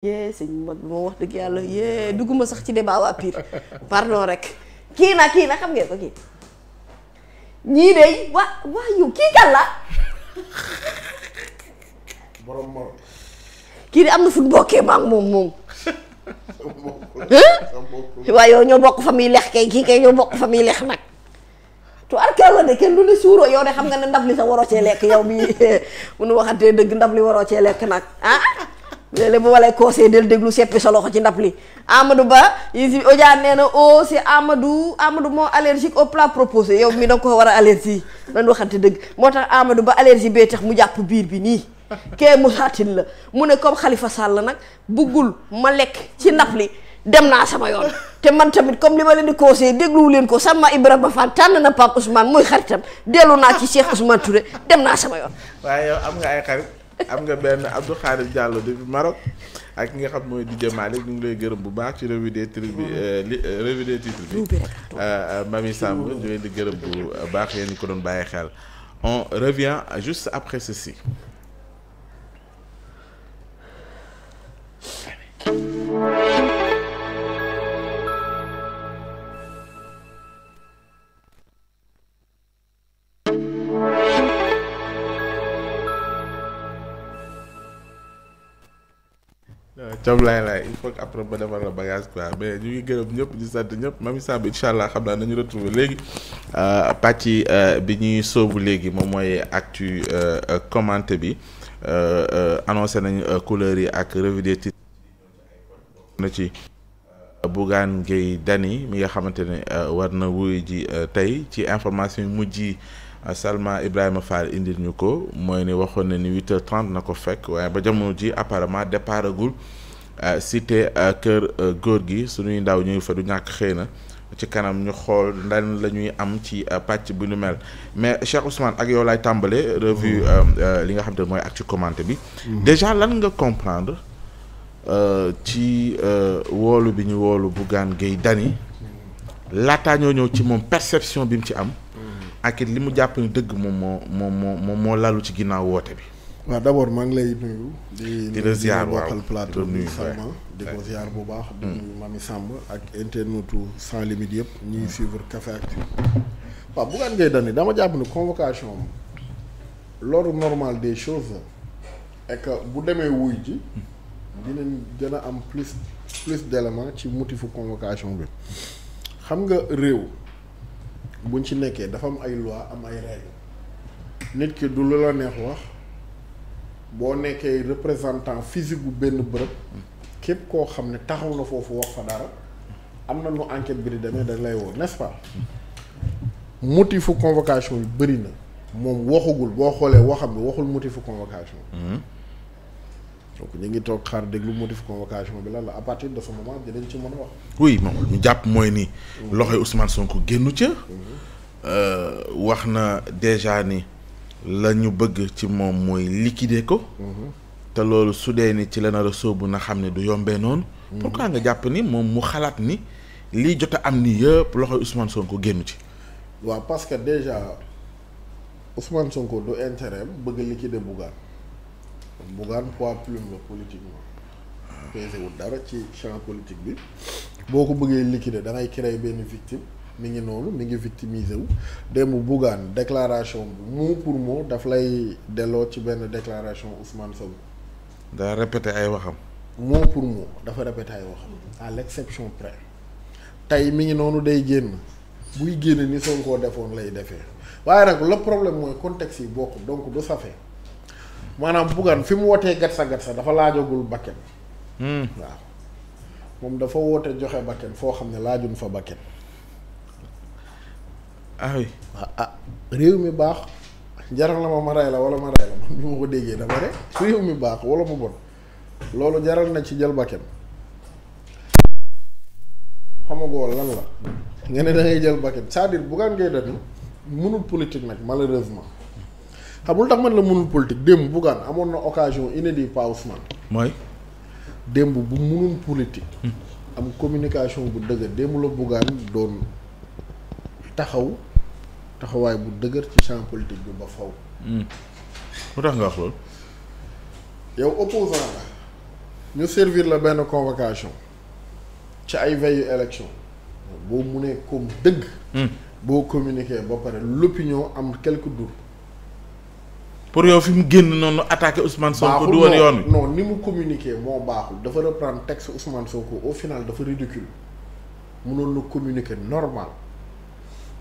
yee sëñ moom dëgg yàlla yee dugguma sax ci débat waa Pire pardon xam ngeen ñii de wa kii kan am na fu bokkee moom moom. waaye yow ñoo bokk famille lex kay kii kay ñoo bokk famille lex nag. tu arkel kenn du ne suuro yow de xam nga ne ndab li sa waroo cee lekk yow mi munu waxantee dëgg ndab li waroo cee lekk nag ah, ah. léeg-léeg bu ma lay del déglu seppi sa loxo ci ndab li Amadou Ba yi si Ojaar nee na oh c'est Amadou Amadou moo allergique au plat proposé yow mi da nga ko war a allergie nañ waxante dëgg moo tax Amadou Ba allergie bee tax mu jàpp biir bi nii kee mu saatin la mu ne comme Khalifa Sall nag buggul ma lekk ci ndab li dem naa sama yoon te man tamit comme li ma leen di conseillé dégluwu leen ko sama Ibrahima Fall tànn na Pape Ousmane muy xaritam dellu naa ci Cheikh Ousmane Touré dem naa sama yoon waaye yow ay xarit am nga benn Abdou Khadir Diallo depuis Maroc ak ki nga xam mooy DJ Malick ñu ngi lay gërëm bu baax ci revue des euh, euh, titres bi revue des titres bi euh, Mami Samb ñu leen di gërëm bu baax yéen ñu ko doon bàyyi xel on revient juste après ceci comme laay laay il faut après ba defar la bagage quoi mais ñu ngi gërëm ñëpp di sant ñëpp Mamy Samb incha allah xam naa nañu retrouver léegi euh, pàcc euh, bi ñuy soobu léegi moom mooy actu euh, commanté bi annoncé nañu couleur yi ak revue des titres na ci Bougane Gueye mi nga xamante ne war na wuyu ji tey ci information yi mu ji Salma Ibrahima Fall indil ñu ko mooy ne waxoon na ni huit heures trente na ko fekk waaye ba jamono ji apparemment départagul Euh, cité euh, kër euh, góor gi suñuy ndaw ñuy fa du ñàkk xëy na ci kanam ñu xool lan la ñuy am ci pàcc bu nu mel mais Cheikh Ousmane ak yow laay tàmbale revue mm-hmm. li nga xam te mooy actu commenté bi mm-hmm. déjà lan nga comprendre ci woolu bi ñu woolu Bougane Gueye Dany laataa ñoo ñëw ci moom perception bi mu ci am mm-hmm. ak it li mu jàpp ni dëgg moom moo moo moo moo lalu ci ginnaaw woote bi waaw d'abord maa ngi lay nuyu. di la ziar waaw bokkal plateau bi Salma di ko ziar bu baax. Mm. di nuyu sàmm ak internetu sans limite yëpp mm. ñuy suivre Café Actu. waaw Bougane Gueye Dany dama jàpp ne convocation am l'ordre normal des choses est que bu demee wuy ji mm. dinañ a am plus plus d'éléments ci motifu convocation bi xam nga réew buñ ci nekkee dafa am ay loi am ay règles nit ki du lu la neex wax. boo nekkee représentant physique bu benn bërëb képp koo xam ne taxaw na foofu wax fa dara am na nu enquête bi di demee dañ lay woo n'est-ce pas motifu convocation bi bëri na moom waxagul boo xoolee waxam bi waxul motifu convocation hmm. donc ñu ngi toog xaar déglu motif convocation bi lan la à partir de ce moment añ ci mën a wax. oui moom ñu jàpp mooy ni. loxoy hmm. Ousmane Sonko génnu ca. Hmm. Euh, wax na déjà nii la ñu bëgg ci moom mooy liquider ko. te loolu su dee ni ci la nar a na xam ne du yombee noonu. pourquoi nga jàpp ni moom mu xalaat ni lii jot a am nii yëpp loxoy Ousmane ko génn ci. waa parce que déjà Ousmane Sonko du intérêt bëgg liquider Bougane Bougane poids plume la politiquement. pesé wul dara ci champ politique bi. boo ko bëggee liquider da ngay créer benn victime. mi ngi noonu mi ngi victimisé wu démb Bougane déclaration bi mot pour mot daf lay delloo ci benn déclaration Ousmane Sonko. daa répété ay waxam. mot pour mot dafa répété ay waxam à l'exception près tey mi ngi noonu day génn buy génn ni Sonko defoon lay defee waaye nag la problème mooy contexte yi bokk donc du safe maanaam Bougane fi mu wootee gatsa gatsa dafa laajagul bakken hmm. waaw moom dafa woote joxe bakken foo xam ne laajuñ fa bakken ah oui ah, ah, réew mi baax jaral na ma ma rey la wala ma rey la man bi ko déggee dama ne réew mi baax wala mu bon loolu jaral na ci jël bakkan xamagoo la nga ne da jël bakkan c'est-à-dire Bougane Gueye Dany mënul politique nag malheureusement xamul tax man la mënul politique démb Bougane amoon na occasion inédite pa Ousmane mooy démb bu mënul politique am communication bu dëgg démb la Bougane doon taxaw taxawaay bu dëgër ci champ politique bi ba faw hmm. lu tax nga wax loolu yow opposant la ñu servir la benn convocation ci ay veille élection boo mu ne comme dëgg hmm. boo communiquer ba pare l'opinion am quelques doutes pour yow fi mu génn noonu attaqué Ousmane Sonko du woon yoon wi non ni mu communiquer moo baaxul dafa reprendre texte Ousmane Sonko au final dafa ridicule mënoon na communiquer normal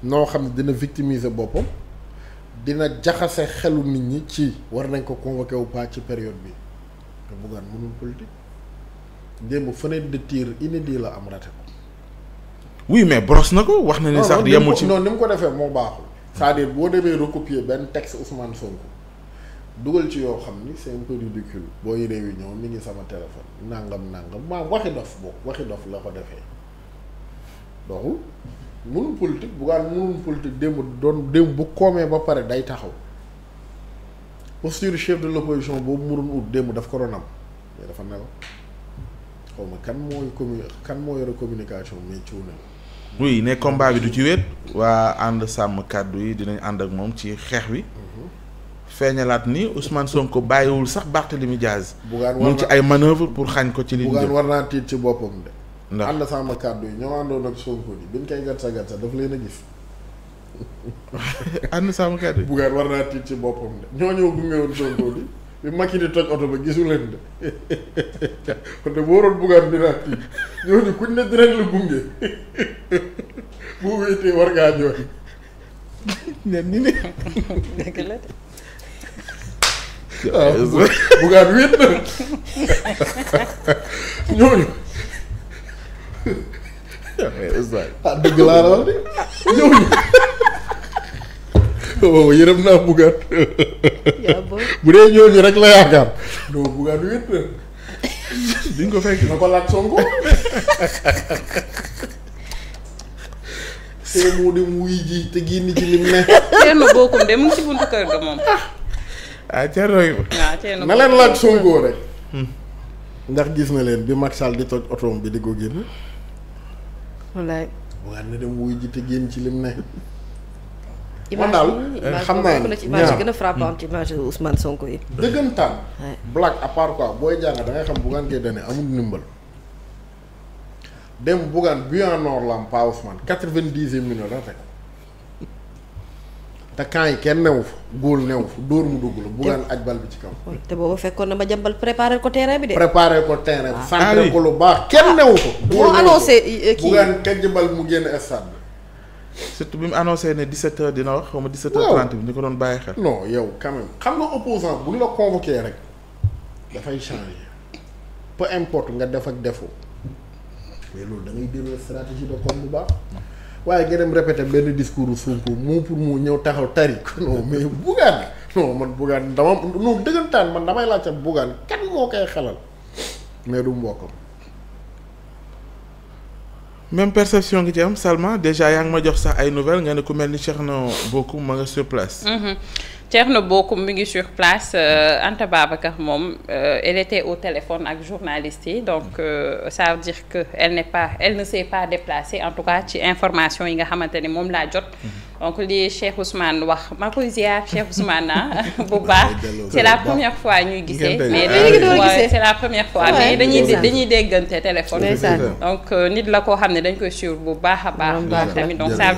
noo xam ne dina victimiser boppam dina jaxase xelu nit ñi ci war nañ ko convoqué wu pas ci période bi te Bougane mënul politique démb fenêtre de tir inédit la am raté ko. oui mais boros na ko wax na ni sax. yemul ci non ni mu ko defee moo baaxul. saa à dire boo demee recopier benn texte Ousmane Sonko dugal ci yoo xam ni c'est un peu ridicule booy réunion mi ngi sama téléphone nàngam nangam maam waxi dof boobu waxi dof la ko defee doxul. mënul politique Bougane mënul politique démb doon démb bu koomee ba pare day taxaw posture chef de l'opposition boobu mu doon ut démb daf ko doon am mais dafa nelaw xaw ma kan mooy commu kan moo yore communication mais ciw na. ci wéet waa ànd sàmm kàddu yi dinañ ànd ak moom ci xeex wi. Mhm. feeñalaat ni Ousmane Sonko bàyyiwul sax Barthélémy Diaz. Bougane war na mu ay manœuvre pour xañ ko ci li. war naa tiit ci boppam de. ndax ànd sama kàddu yi ñoo àndoon ak Sonko bi biñ koy gàtt sa daf leen a gis. ànd sama kàddu yi. Bougane war naa tiit ci boppam de ñoo ñëw gunge woon Sonko bi ba gisu leen de kon de boo doon Bougane tiit ñooñu kuñ ne dinañ gunge boo wéetee war ngaa jooy. ne ni ne. dëgg la de. Ah, wéet na ñooñu. ah dëgg laa la wax de ñëw ñu. waaw yërëm naa bugaat. bu dee ñooñu rek la yaakaar. doo bugaat wéet na. diñ ko fekk. na ko laaj Sonko. tey moo dem wuy ji te génn ci lim ne. Thierno Bocoum de mu ngi ci buntu kër ga moom. na leen laaj Sonko rek. ndax gis na leen bi Macky Sall di toj otoom bi di ko génn. wallaay bugaan na dem wuy ji te génn ci lim ne. man daal eh, xam naa ne image gën a frappante ci image Ousmane Sonko yi. dëggantaan. black à part quoi booy jàng da ngay xam bugaan ngay dane amul ndimbal. dem bugaan bu en or la am pas Ousmane quatre-vingt-dixième minute la te camp yi kenn newu fa góol newu fa dóor mu dugg la buggaan aj bal bi ci kaw oh, te booba fekkoon na ma jambal préparer ko terrain bi de préparer ko terrain bi ah. centré ah ko baax kenn ah. newu fa boo annoncé eh, kii buggaan kaj bal mu génn stade bi surtout bi mu annoncé ne 17h dina wax xaw ma 17h30 bi ñu ko doon bàyyi xel non yow quand même xam nga opposant bu ñu la convoqué rek dafay changer peu importe nga def ak defoo loolu da ngay delloo stratégie de com bu baax waaye nga dem répété benn discours Sonko moo pour mu ñëw taxaw tari non mais Bougane non man Bougane dama non dëggantaan man damay laajte Bougane kan moo koy xelal mais du mbokkam même perception ngi ci am Salma déjà yaa ngi ma jox sax ay nouvelles nga ne ku mel ni Cheikhna Bocoum ma nga sur Thierno Bocoum mi ngi sur place euh, Anta Babacar moom euh, elle était au téléphone ak journaliste yi donc euh, ça veut dire que elle pas elle ne s'est pas déplacée en tout cas ci information yi nga xamante ni moom laa jot mhm. donc li Cheikh Ousmane wax maa koy ziar Cheikh Ousmane ah, bu baax ah, c'est la première fois ñuy ah, gisee mais c'est la première fois mais dañuy dañuy déggante téléphone donc euh, nit la koo xam ne dañ koy suivre bu baax a baax tamit donc ça